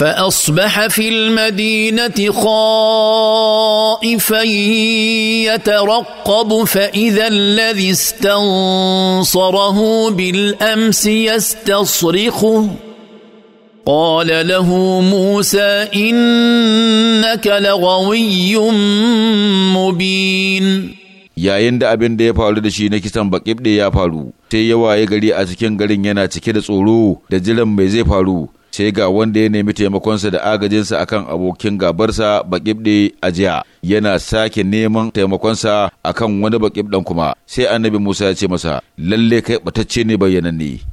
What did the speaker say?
فاصبح في المدينه خائفا يترقب فاذا الذي استنصره بالامس يستصرخه قال له موسى انك لغوي مبين yayin da abin da ya faru da shi na kisan bakib ya faru sai ya waye gari a cikin garin yana cike da tsoro da jiran mai zai faru sai ga wanda ya nemi taimakonsa da agajinsa akan abokin gabarsa bakibde a jiya yana sake neman taimakonsa akan wani bakibdan kuma sai annabi Musa ya ce masa lalle kai batacce ne bayyananne